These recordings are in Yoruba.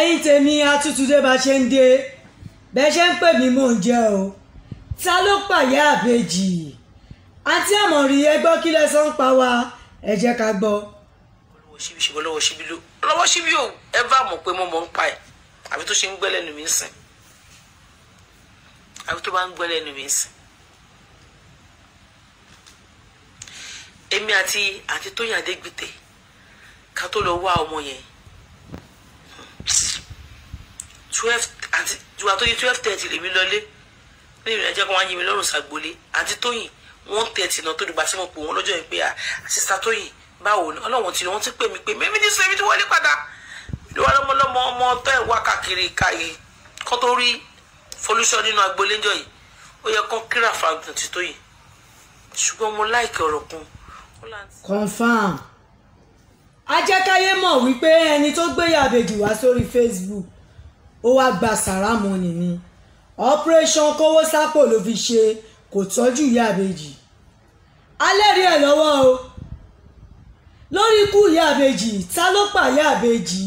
ẹ̀yin tèmi atútúndé bá ṣe ń dé bẹ́ ṣe ń pè mí mò ń jẹ́ o ta ló pàyà àbèjì àǹtí àmọ̀rí ẹ kí lẹ́sọ̀ ń pa wá ẹ jẹ́ ká gbọ́. olówó síbi ló olówó síbi ò ẹ bá mọ̀ pé mo mọ̀ ń pa ẹ̀ àbí tó ṣe ń gbẹ́lẹ̀ nù mí ń sìn àbí tó bá ń gbẹ́lẹ̀ nù mí ń sìn. èmi àti àti Tóyìn Adégbìtẹ́ ká tó lọ wá ọmọ yẹn twelve àti ìwà tó twelve thirty lèmi lọlé ní ìrìn àjẹkọ wọn á yin mi lọ́rùn ṣàgbọlé àti tóyìn one thirty náà tó dùgbà tí mo pò wọn lọ́jọ́ yìí pé à ah, sísá tóyìn báwo ni ọlọ́wọ́n ti wọ́n ti pè mí pé mẹ́mí ní sọ tí wọ́n lé padà ìwà lọ́mọlọ́mọ ọmọ ọtọ́ ẹ̀ wá káàkiri káyé kọ́ tó rí folúṣọ́ nínú agboléjọ́ yìí ó yẹ kán kíra fàgùn ti tóyìn ṣùgbọ́n mo láìkí ọ̀rọ̀ kan. confam ajẹ́káyé mọ̀ wípé ẹni tó gbéyàwó àbèjì wá sórí Facebook ó wá gba sàrámọ́nì ni operation kówó sápò ló fi ṣe kò tọ́jú ìyá àbèjì alẹ́ rí ẹ̀ lọ́wọ́ o lórí ikú ìyá àbèjì ta ló pa ìyá àbèjì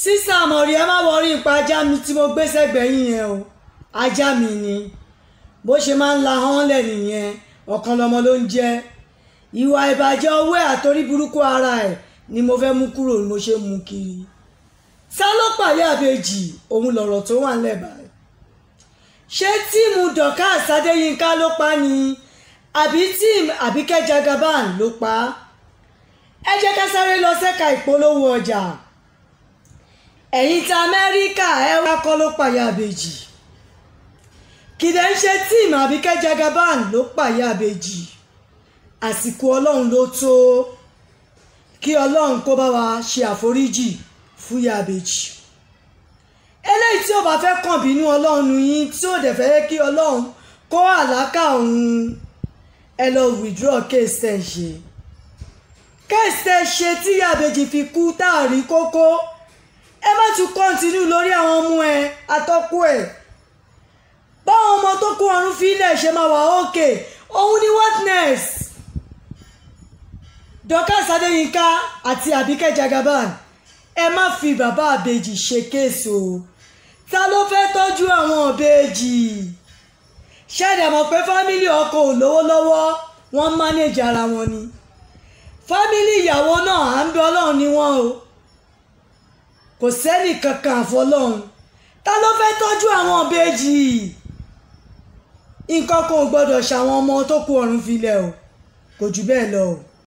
sísá àmọ̀rí ẹ má wọrí ipa ajá mi tí mo gbé sẹ́gbẹ̀yìn yẹn o ajá mi ni bó ṣe máa ń la hánlẹ̀ nìyẹn ọ̀kan lọmọ ló ń jẹ́ ìwà ìbàjẹ́ owó ẹ̀ àtorí burúkú ara ẹ̀ ni mo fẹ́ mú kúrò ni mo ṣe mú kiri ta ló pàdé àbèjì òun lọ̀rọ̀ tó wà ńlẹ̀ báyìí ṣé tíìmù Dorcas Adéyínká ló pa ni àbí tíìmù Àbíkẹ́ Jagaban ló pa ẹ jẹ́ ká sáré lọ sẹ́ka ìpolówó ọjà ẹ̀yin tí Amẹ́ríkà ẹ wá kọ́ ló pàyà àbèjì kìdẹ̀ ń ṣe tíìmù Àbíkẹ́ Jagaban ló pàyà àbèjì àsìkò ọlọ́run ló tó kí ọlọ́run kó bá wa ṣe àforíjì fúyà bèjì eléyìí tí ó bá fẹ́ kàn bínú ọlọ́run yín tí ó dẹ̀ fẹ́ kí ọlọ́run kó àlákà òun ẹ lọ withdraw case tẹ̀ ṣe case tẹ̀ ṣe tí àbèjì fi kú táàrí kókó ẹ má tún kọ́ntínú lórí àwọn ọmọ ẹ atọ́kù ẹ báwọn ọmọ tó kó ọrùn fílẹ̀ ṣe máa wà òkè òun ni witness Dorcas Adéyínká àti Àbíkẹ́ Jagaban ẹ má fi bàbá àbèjì ṣe kéèsì o ta ló fẹ́ tọ́jú àwọn àbèjì ṣẹ̀dá mọ̀ pé fámílì ọkọ ò lówó lọ́wọ́ wọ́n mánéjì ara wọn ni fámílì ìyàwó náà à ń bẹ ọlọ́run ni wọ́n o kò sẹ́nì kankan àfọlọ́run ta ló fẹ́ tọ́jú àwọn àbèjì nǹkan kan ò gbọ́dọ̀ ṣàwọn ọmọ tó kú ọ̀run filẹ̀ o kò jù bẹ́ẹ̀ lọ o.